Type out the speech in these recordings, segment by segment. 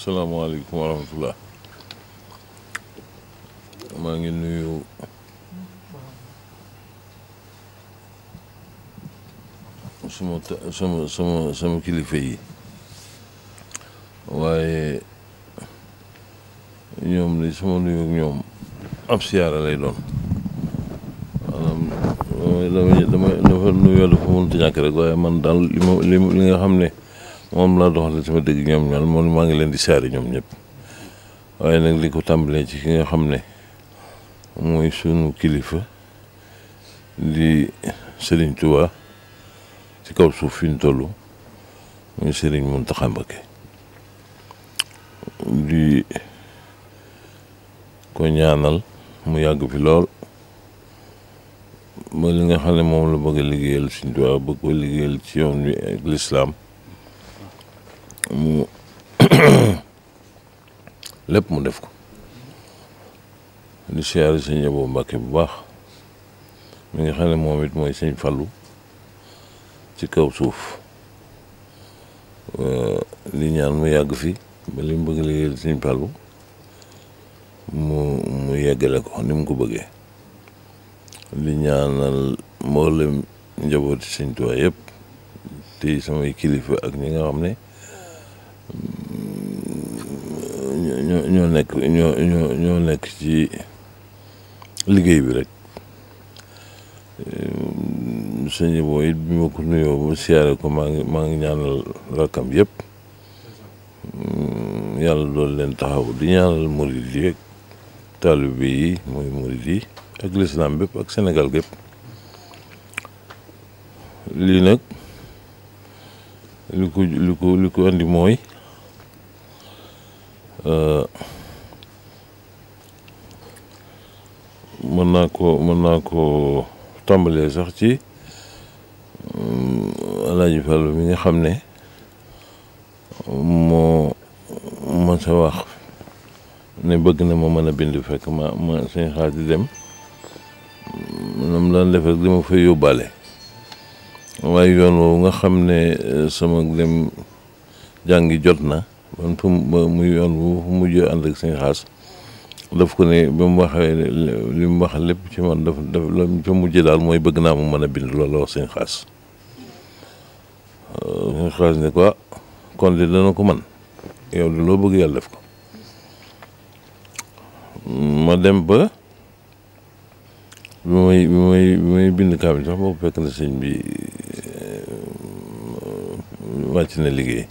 salaamaaleykum wa rahmatullah maa ngi nuyu sama sama sama sama kilifa yi waaye ñoom li sama nuyu ak ñoom ab siyaara lay doon maanaam dama dama dafa nuyoo dafa mënut a rek waaye man daal li ma li nga xam ne moom laa doxalee sama dëgg ñoom ñaan moom maa ngi leen di saari ñoom ñëpp nag li ko tàmbalee ci ki nga xam ne mooy sunu kilifa di Serigne Touba ci kaw suuf fi toll muy Serigne Mountakha di ko ñaanal mu yàgg fi lool ba li nga xam ne moom la bëgg a liggéeyal Serigne Touba bëgg ko liggéeyal ci yoon wi ak lislaam mu lépp mu def ko lu siyaare sëñ Abo Mbàkke bu baax mi nga xam ne moom it mooy sëñ falu ci kaw suuf li ñaan mu yàgg fi ba li mu bëgg liggéeyal sëñ Fallu mu mu yeggale ko ni mu ko bëggee li ñaanal mboolem njabooti sëñ Tuubaa yëpp te samay kilifa ak ñi nga xam ne ñoo ñoo nekk ñoo nekk ci liggéey bi rek ehm, sëñ boo it bi ma ko nuyoo ba ko maa ngi maa ngi ñaanal rakkam yëpp ehm, yàlla doon leen taxaw di ñaanal murid yi ak taalibe yi mooy murid yi ak lislaam bépp ak senegal gépp lii nag li ko andi mooy Euh, mën naa ko mën naa ko tàmbalee sax ci euh, Alaaji Fall mi nga xam ne moo man sa wax ne bëgg na ma mën a bind fekk ma ma suñ xaar di dem nam daan def di ma fay yóbbaale waaye yoon woow nga xam ne euh, sama dem jàngi jot na man fu mu yoon bu fu mujj ànd ak seen xaas daf ko ne ba mu waxee li mu wax lépp ci man daf daf la fa mujj daal mooy bëgg naa mu mën a bind loolu la wax seen xaas euh, seen xaas ne quoi kon de dana ko man yow de loo bëgg yàlla def ko ma dem ba bi may bi may bind kaamil sax boobu fekk na sëñ bi euh, wàcc na liggéey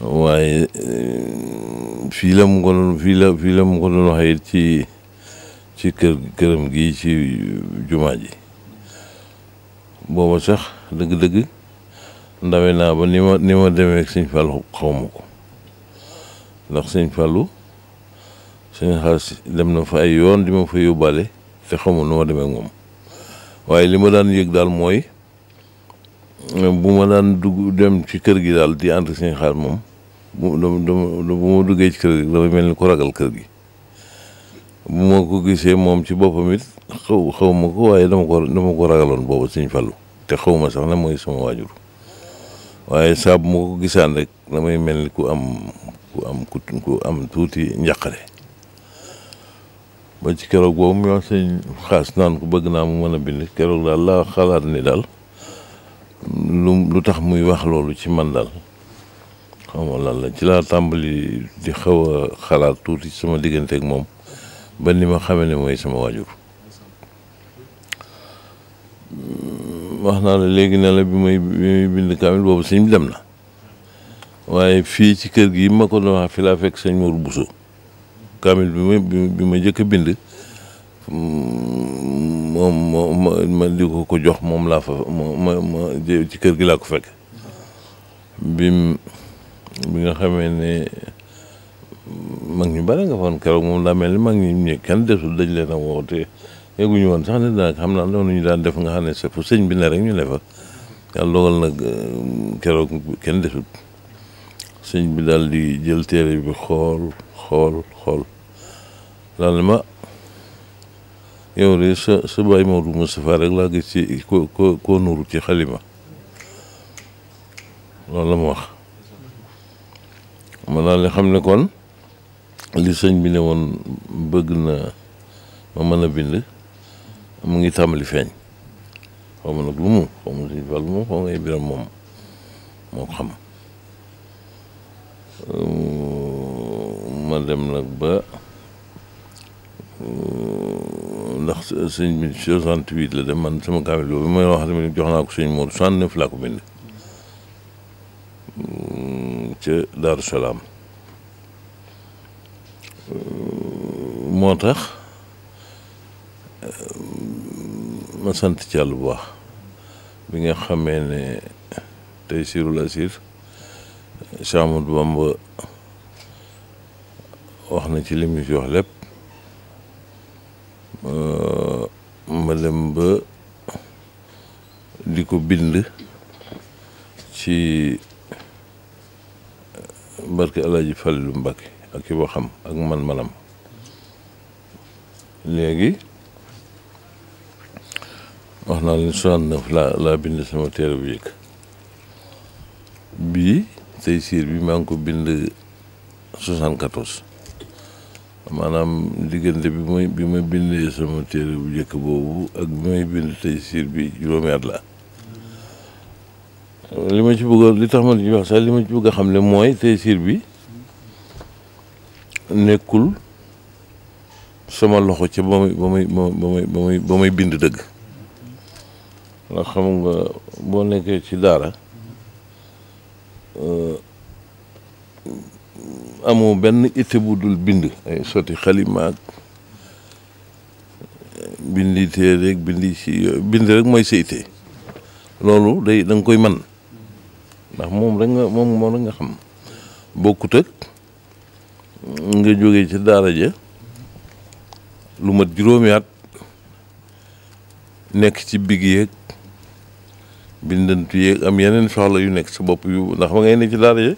waaye eh, fii la mu ko doon fii la ci ci kër këram gi ci jumaa ji booba sax dëgg-dëgg ndawe naa ba ni ma ni ma demee ak sëñ xaw ma ko ndax sëñ Fallou sëñ xaas dem na fa ay yoon di ma fa yóbbaale te xaw ma nu ma demee moom waaye li ma daan yëg daal mooy. bu ma daan dugg dem ci kër gi daal di entretien xaar moom bu ma duggee ci kër gi dafa mel ni ku ragal kër gi bu ma ko gisee moom ci boppam it xaw xaw ma ko waaye dama ko dama ko ragaloon boobu Sëñ Fallu te xaw ma sax na mooy sama waajur waaye saa bu ma ko gisaan rek damay mel ni ku am ku am ku am tuuti njàqare ba ci keroog boobu mu wax sëñ xaas naan ko bëgg naa mu mën a bind keroog daal laa xalaat ni daal lu lu tax muy wax loolu ci man daal xam nga lan la ci laa tàmbali di xaw a xalaat tuuti sama diggante moom ba ni ma xamee ne mooy sama waajur mm, wax naa la léegi ne la bi may bi may bind kaamil boobu sëñ dem na waaye fii ci kër gi ma ko doon wax fi laa fekk sëñ Mourou Bousso kaamil bi ma bi ma jëkk a bind moom ma ma di ko ko jox moom laa fa ma ma ma ci kër gi laa ko fekk bi bim bi nga xamee ne mag ñu bare nga foon keroog moom laa mel ni mag ñi kenn desul dañ leen a woote yegguñu woon sax ne daanaka xam naa noonu ñu daan def nga xam ne c'est pour sëñ bi ne rek ñu ne fa yàlla dogal nag euh, keroog kenn desul sëñ bi daal di jël téere bi xool xool xool daal ma. yow de sa sa baay Maodo Moustapha rek laa gis ci ko ko koo nuru ci xalima loolu wax ma daal di xam ne kon li sëñ bi bëgg na ma mën a bind mu ngi tàmbali feeñ xaw ma nag lu xaw ma sëñ biram moom moo xam ma dem nag ba ndax sëñ bi 68 la dem man suma kaamil boobu may wax tamit jox naa ko sëñ Modou 69 laa ko bind ca Daaru moo tax ma sant ci bu baax bi nga xamee ne tey sirul asir Cheikh Ahmadou Bamba wax na ci li mu fi wax lépp bind ci barke Alaaji Falilu Mbàkke ak i waxam ak man-manam léegi wax naa leen soixante-neuf laa laa bind sama téere bu jëkk bii tey siir bi maa ngi ko bind soixante-quatorze maanaam diggante bi may bi ma bindee sama téere bu jëkk boobu ak bi may bind tey siir bi juróomi at la li ma ci bëgg li tax ma di wax ma ci bëgg a xam ne mooy Taysir bi nekkul sama loxo ca ba may ba may bind dëgg ndax xam nga boo nekkee ci daara euh, amoo benn itte bu dul bind ay sotti xalimaak bindi téere rek bindi ci bind rek mooy sa itte loolu day da koy man ndax moom rek nga moom moom nga xam bokkut ak nga jóge ci daara ja lu mat juróomi at nekk ci big yeeg bindantu yeeg am yeneen soxla yu nekk sa bopp yu ndax ba ngay ne ci daara ja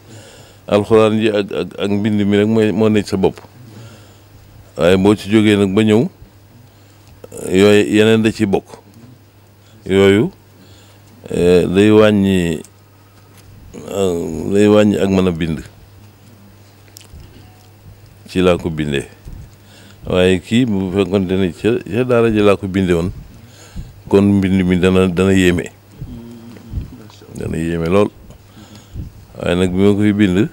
alxuraan ji ak ak mbind mi rek mooy moo nekk sa bopp waaye boo ci jógee nag ba ñëw yooyu yeneen da ci bokk yooyu eh, day wàññi lay euh, wàññi ak mën a bind ci laa ko bindee waaye kii bu fekkoon ne mi dana dana yéeme dana nag bi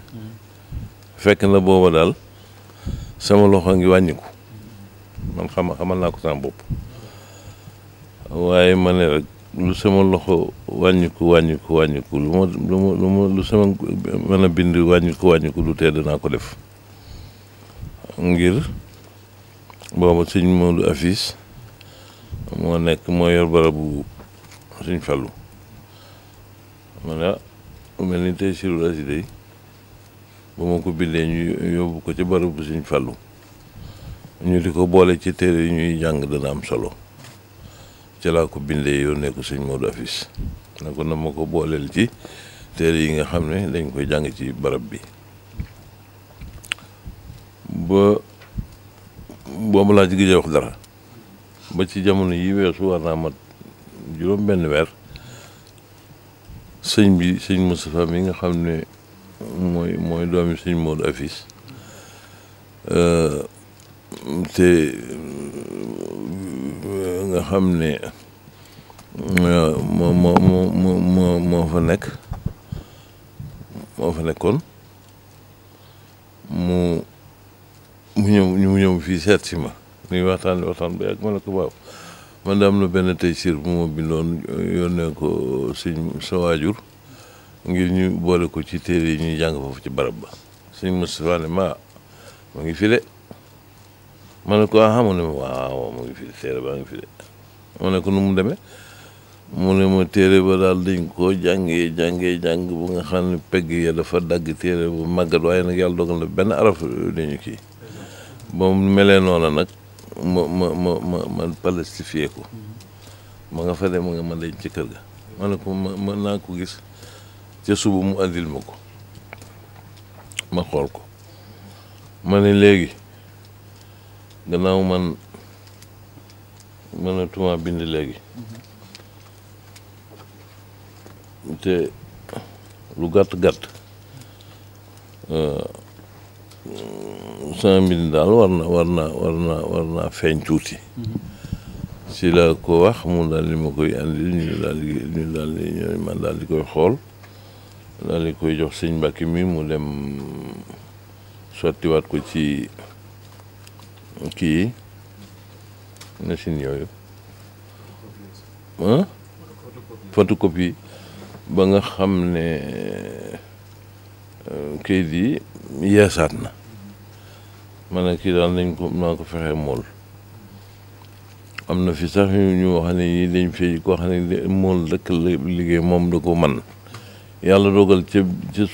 fekk na booba daal sama loxo ngi wàññiku man xam xamal naa ko sama bopp waaye ma ne rek lu sama loxo wàññiku wàññiku wàññiku lu ma lu ma lu sama mën a bind wàññiku wàññiku lu tee danaa ko def ngir booba sëñ Modou Afis moo nekk moo yor barabu sëñ Fallu ma ah, mel ni tey sirul asida yi ba ma ko bindee ñu yóbbu ko ci barabu sëñ Fallu ñu di ko boole ci téere yi ñuy jàng dana am solo ci ko bindee yónnee ko sëñ Modou Afis na ma ko booleel ci téere yi nga xam ne dañ koy jàng ci barab bi ba boobu laa ci gëj wax dara ba ci jamono yi weesu war naa mat juróom benn weer sëñ bi sëñ Moustapha mi nga xam ne mooy mooy doomi sëñ Modou Afis euh, te nga xam ne euh, moo moo moo moo moo fa nekk moo fa nekkoon mu mu ñëw mu ñëw fii seetsi ma muy waxtaan waxtaan ba yàgg ma ne ko waaw man daam na benn tey sir bu ma bindoon yónnee ko suñ sa waajur ngir ñu boole ko ci téere yi ñuy jàng foofu ci barab ba suñ Moustapha ne ma ma ngi fi ma ne ko ah mu ne waaw mu ngi fi téere baa ngi fi de ma ne ko nu mu demee mu ne ma téere ba daal dañ koo jàngee jànge jàng bu nga xam ne pegg ya dafa dagg téere bu màggat waaye nag yàlla dogal na benn araf dañu kii ba mu melee noona nag ma ma ma ma ma plastifié ko ma nga fa dem nga ma dañ ci ga ma ne ko ma mën naa ko gis ca suba mu andil ma ko ma xool ko ma ne léegi gannaaw man mënatuma bind léegi te lu gàtt gàtt sama mbind daal war na war na feeñ tuuti si la ko wax mu daal di ma koy andi ñu daal di ñu daal di ñu man daal di koy xool daal di koy jox sëñ Mbàkke mi mu dem sottiwaat ko ci kii machine yooyu ah photocopie ba nga xam ne euh, kayit yi yeesaat na man ne kii daal nañ ko naa ko fexe mool am na fi sax ñu wax ne yi dañ fi ko xam ne mool rek la liggéey moom da ko man yàlla dogal ca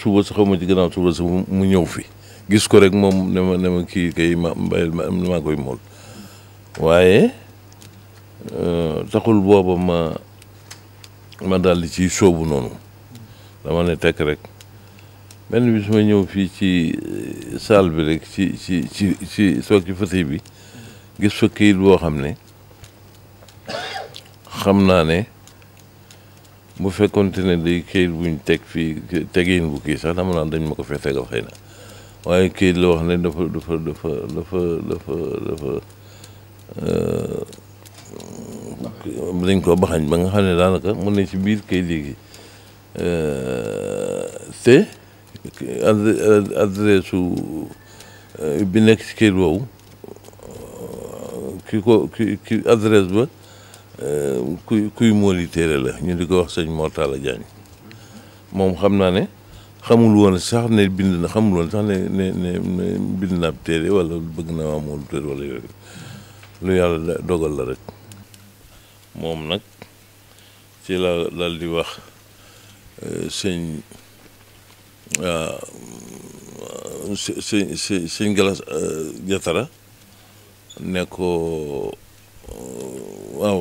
suba sa xaw ma ci gannaaw suba sa mu ñëw fi gis ko rek moom ne ma ne ma kii kay ma maa koy mool waaye euh, taxul booba ma ma daal di ciy sóobu noonu dama ne tekk rek benn bis ma ñëw fii ci euh, salle bi rek ci ci ci ci soog ci fëtëy bi gis fa këyit boo xam ne xam naa ne bu fekkonte ne day këyit buñ teg fii tegin bu kii sax dama naan dañ ma ko fee tegal xëy na waaye kayit la wax ne dafa dafa dafa euh, dañ koo baxañ ba nga xam ne daanaka mu ne ci biir kayit léegi euh, te adresse euh, bi nekk ci kayit woowu ki ko ki ki ba kuy kuy mooli téere la ñu di ko wax sëñ Mortala Diagne moom xam naa ne xamul woon sax ne bind na xamul woon sax ne ne ne bind naa téere wala bëgg naa amul lu yàlla dogal la rek moom nag ci la dal di wax euh, sëñ euh, sëñ sëñ sëñ Galas euh, Jatara ne waaw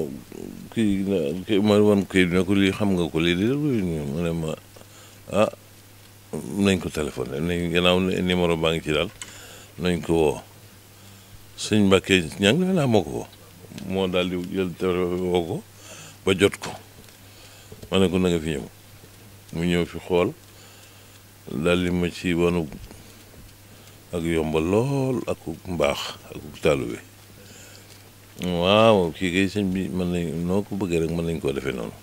kii ma wan kii ne lii xam nga ko lii di mu ne ma ah, nañ ko téléphoné nañ gannaaw numéro baa ngi ci daal nañ ko woo sëñ Mbàkke ñaa naa moo ko moo daal di jël woo ba jot ko ma ne ko na fi ñëw mu ñëw fi xool dal di ma ci wanu ak yombal lool ak mbaax ak taalube waaw kii kay sëñ bi mën nañ noo ko bëggee rek mën nañ koo defee noonu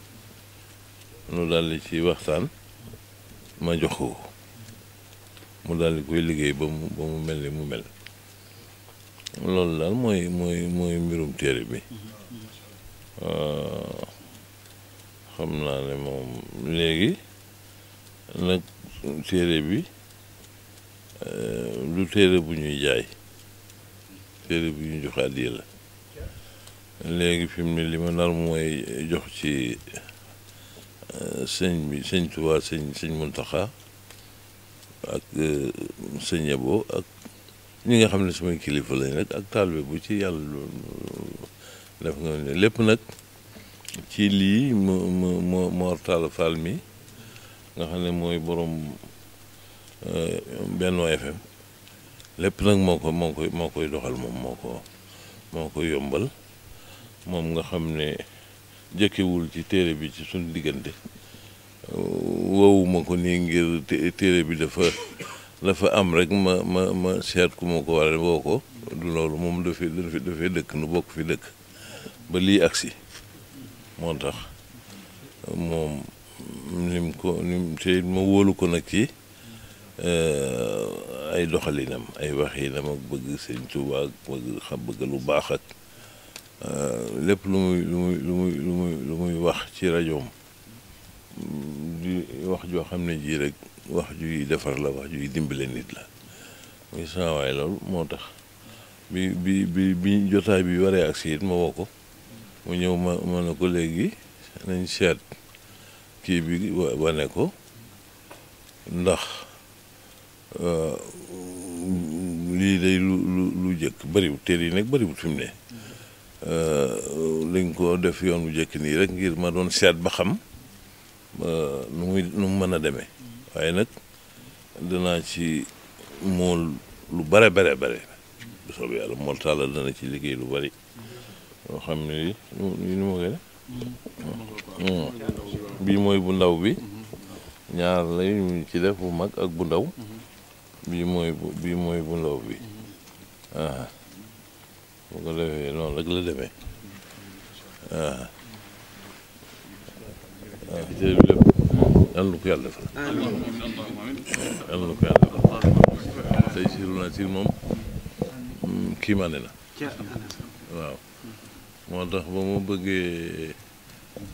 nu dal di ci waxtaan ma jox ko mu daal koy liggéey ba mu ba mu mel ni mu mel loolu daal mooy mooy mbirum téere bi euh, xam naa ne moom léegi nag téere bi lu euh, téere bu ñuy jaay téere bu ñuy jox àddiya la léegi fi mu li ma nar mooy jox ci sëñ bi sëñ Tuubaa sëñ sëñ Muntaxa ak e, sëñ Yabo ak ñi nga xam ne samay kilifa lañ rek ak taalibe bu ci yàlla def nga ne lépp nag ci lii mu mu mu Mor Talla Fall mi nga xam ne mooy borom e, Benno FM lépp nag moo ko moo koy moo koy doxal moom moo ko moo koy yombal moom nga xam ne. jëkkewul ci téere bi ci suñ diggante wowuma ko nii ngir téere bi dafa dafa am rek ma ma ma seet ku ma ko war a woo ko du loolu moom dafay dafay dëkk nu bokk fi dëkk ba lii agsi moo tax moom nim ko nim te ma wóolu ko nag ci eh, ay doxalinam ay waxinam ak bëgg sëñ Tuubaa ak bëgg xam bëgg lu baax ak Euh, lépp lu muy lu muy lu muy lu muy lu muy wax ci rajoom di wax joo xam ne jii rek wax juy defar la wax juy dimbale nit la muy saawaay loolu moo tax bi bi bi bi jotaay bi waree ak siit it ma woo ko mu ñëw ma ma ne ko léegi nañ seet kii bi wane ko ndax euh, lii de lu lu lu jëkk bëriwul téere yi nag bëriwul fi ne Euh, lañ ko def yoon bu njëkk nii rek ngir ma doon seet ba xam nu muy mu mën a deme waaye nag danaa ci mool lu bare bare bare bu soobee yàlla mool tàlla dana ci liggéey lu bari yoo xam ne ni hmm. bii mooy bu ndaw bi ñaar lay ñu ci def bu mag ak bu ndaw bii mooy bii mooy bu ndaw bi bu ko la demee waaw waaw te lépp ko yàlla defal yal na ko yàlla defal tey siru mm, na moom kii mane waaw moo tax ba mu bëggee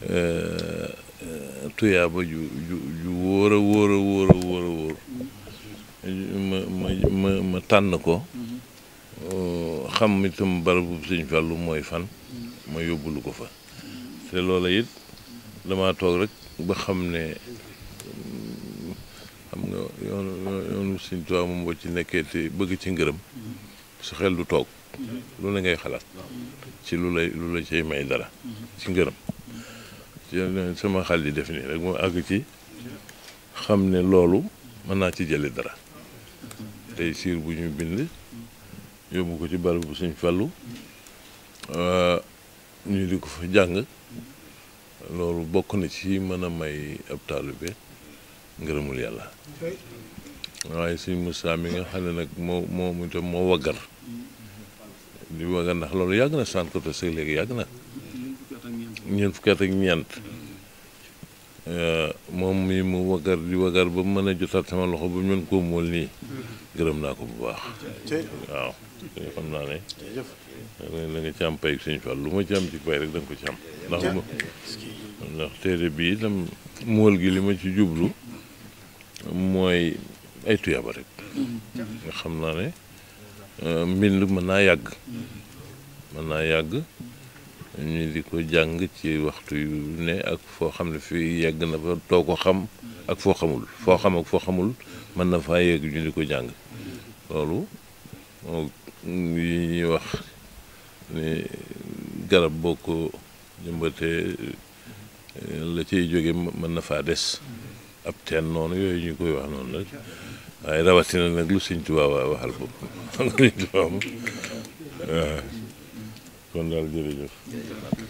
eh, eh, tuyaaba ju ju ju wóor a wóor ma ma ma tànn ko xam itam barabu sëñ lu mooy fan ma yóbbulu ko fa te loola it damaa toog rek ba xam ne xam nga yoonu yoonu sëñ moom boo ci nekkee te bëgg ci ngërëm su xel du toog lu la ngay xalaat ci lu lay lu la cay may dara ci ngërëm ci sama xal di def nii rek moo àgg ci xam ne loolu mën naa ci jële dara tey siir bu ñu bind yóbbu ko ci barab bu sëñ Fallu euh, ñu di ko fa jàng loolu bokk na ci mën a may ab taalibe ngërëmul yàlla waaye sëñ mussaa mi nga xam ne nag moo moo mu tam moo waggar di waggar ndax loolu yàgg na sant ko te sëg léegi yàgg na ñeent fukki at ak ñeent euh, moom mi mu waggar di waggar ba mën a jotaat sama loxo ba mën koo mool nii gërëm naa ko bu baax waaw te eh, naa ne eh, la nga ci am lu ma ci ci pay rek da ko ci am ndax ndax téere bi itam mool gi li ma ci jublu mooy ay tuyaaba rek nga xam naa ne eh, mbind mën naa yàgg mën naa yàgg ñu di ko jàng ci waxtu yu ne ak foo xam ne fii yàgg na fa too ko xam ak foo xamul foo xam ak foo xamul mën na faa yegg ñu di ko jàng loolu yi ñuy wax ne garab boo ko eh, la ciy jóge mën na faa des ab ten noonu yooyu ñu koy wax noonu rek waaye na nag lu Sëñ Tuubaa waxal ko xam nga Sëñ Tuubaa kon daal jërëjëf